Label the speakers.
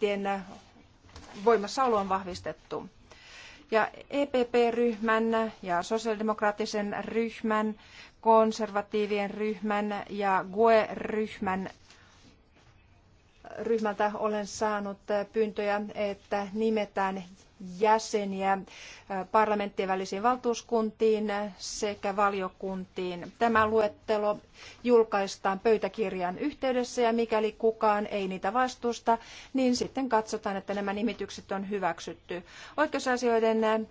Speaker 1: kommunistien äh, voimassaolo on vahvistettu. Ja EPP-ryhmän ja sosiaalidemokraattisen ryhmän, konservatiivien ryhmän ja GUE-ryhmän äh, ryhmältä olen saanut äh, pyyntöjä, että nimetään jäseniä parlamenttien välisiin valtuuskuntiin sekä valiokuntiin. Tämä luettelo julkaistaan pöytäkirjan yhteydessä ja mikäli kukaan ei niitä vastusta, niin sitten katsotaan, että nämä nimitykset on hyväksytty. Oikeusasioiden